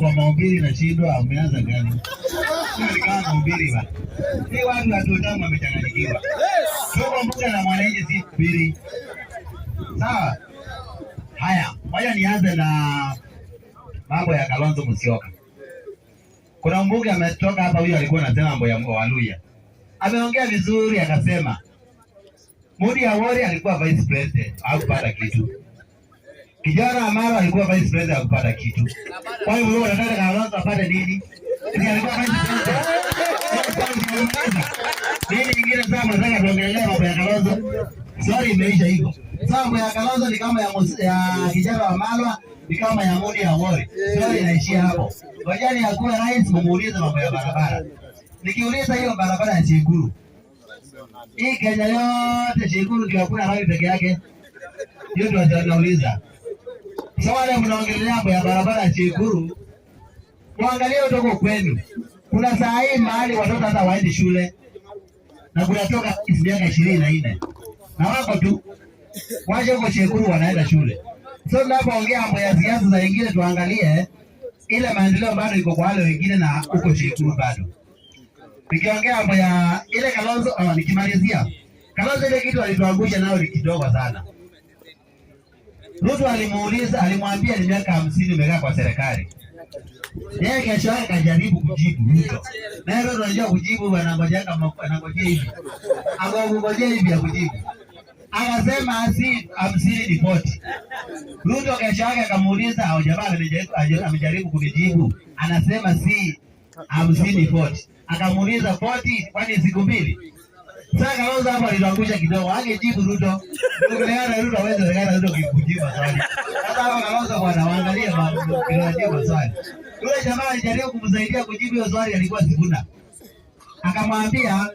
kwa mahubiri nashindwa, ameanza gani? Nikawa mahubiri ba ni watu watuotamu wamechanganyikiwa, tuko mbuga la mwananchi, si hubiri sawa. Haya, moja nianze na mambo ya Kalonzo Musyoka. Kuna mbunge ametoka hapa, huyo alikuwa anasema mambo ya Waluya, ameongea vizuri, akasema Mudi Awori alikuwa vice president, hakupata kitu Kijana Amara alikuwa vice president akupata kitu. Kwa hiyo wewe unataka Kalonzo apate nini? Ni alikuwa vice president. Nini nyingine sasa mnataka tuongelee mambo ya Kalonzo? Sorry imeisha hivyo. Sasa mambo ya Kalonzo ni kama ya ya kijana Malwa, ni kama ya Mudi ya Wori. Sasa inaishia hapo. Wajani hakuna rais mumuulize mambo ya barabara. Nikiuliza hiyo barabara ya Chikuru. Hii Kenya yote Chikuru ndio hakuna rami peke yake. Hiyo ndio nauliza. Sasa wale mnaongelea hapo ya barabara Chikuru, muangalie utoko kwenu. Kuna saa hii mahali watoto hata waendi shule na kuyatoka miaka ishirini na nne na wako tu waje huko Chikuru wanaenda shule. So tunapoongea mambo ya siasa za wengine, tuangalie ile maendeleo bado iko kwa wale wengine na huko Chikuru bado. Nikiongea mambo ya ile Kalonzo, oh, nikimalizia Kalonzo, ile kitu alituangusha nao ni kidogo sana ruto alimuuliza, alimwambia ni miaka hamsini umekaa kwa serikali. Yeye kesho yake kajaribu kujibu hilo. Na yeye unajua kujibu anangojea kama anangojea hivi. Angongojea hivi ya kujibu. Akasema asi hamsini ni poti. Ruto kesho yake akamuuliza au jamaa amejaribu kunijibu. Anasema si hamsini koti. Akamuuliza koti kwani siku mbili? Sasa Kalonzo kidogo. Angejibu Ruto. Yule jamaa alijaribu kumsaidia kujibu hiyo swali alikuwa sikuna. Akamwambia,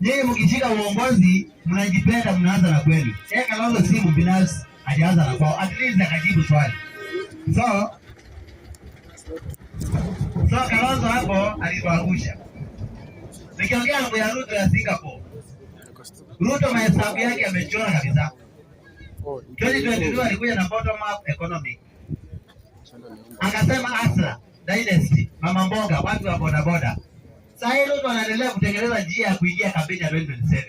"Nyinyi mkishika uongozi mnajipenda mnaanza na kweli." Eh, Kalonzo si mbinafsi, hajaanza na kwao. At least akajibu swali. So So Kalonzo hapo alituangusha. Nikiongea mambo ya Ruto ya Singapore Ruto mahesabu yake amechora kabisa. 2022 alikuja na bottom up economy. Akasema Asra Dynasty, mama mboga, watu wa bodaboda. Sasa hivi Ruto anaendelea kutengeneza njia ya kuingia kampeni ya 2027.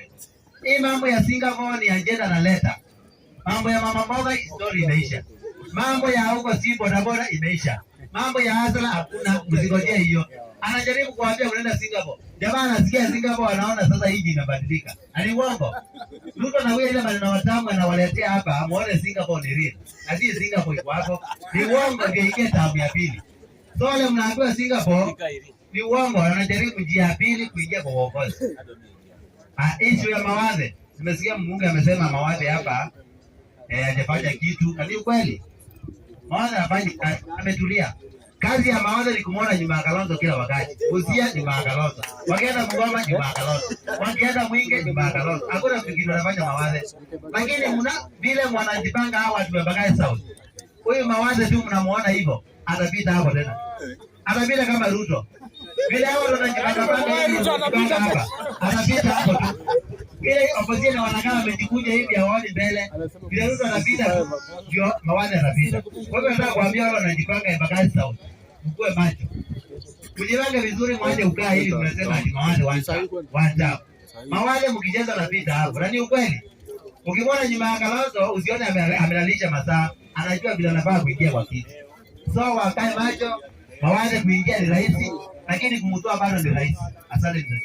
Hii mambo ya Singapore ni ajenda na leta. Mambo ya mama mboga story imeisha. Mambo ya huko si bodaboda imeisha. Mambo ya Asra hakuna mzingojea hiyo anajaribu kuambia unaenda Singapore. Jamaa anasikia Singapore, anaona sasa hii inabadilika. Ani uongo. Ruto anawia ile maneno matamu anawaletea hapa, amuone Singapore ni real. Na Singapore iko hapo. Ni uongo ndio ingia tabu ya pili. So wale mnaambiwa Singapore ni uongo, anajaribu njia ya pili kuingia kwa uongozi. Ah, issue ya mawadhe. Nimesikia mbunge amesema mawadhe hapa eh, hajafanya kitu. Ni kweli? Mawadhe hafanyi, ah, ametulia. Kazi ya maono ni kumwona nyuma Kalonzo kila wakati. Usia nyuma Kalonzo. Wakienda Mgoma nyuma Kalonzo. Wakienda Mwinge nyuma Kalonzo. Hakuna fikiri wanafanya mawaze. Lakini muna vile mwanajipanga hawa watu wa Bagai Huyu mawaze tu mnamuona hivyo. Atapita hapo tena. Atapita kama Ruto. Vile hao wanajipanga hapa. Atapita hapo tu. Wapazia na wanakaa wamejikuja hivi hawali mbele. Vinaruhusu anapita ndio mawani anapita. Kwa hivyo nataka kuambia wale wanajipanga ya magari sawa. macho. Kujipange vizuri mwanje ukaa hivi tunasema ni mawani wanja. Wanja. Mawale mkijaza anapita hapo. Na ni ukweli. Ukimwona nyuma ya kalazo usione amelalisha masaa. Anajua bila anafaa kuingia kwa kiti. So wakae macho. Mawale kuingia ni rahisi lakini kumtoa bado ni rahisi. Asante.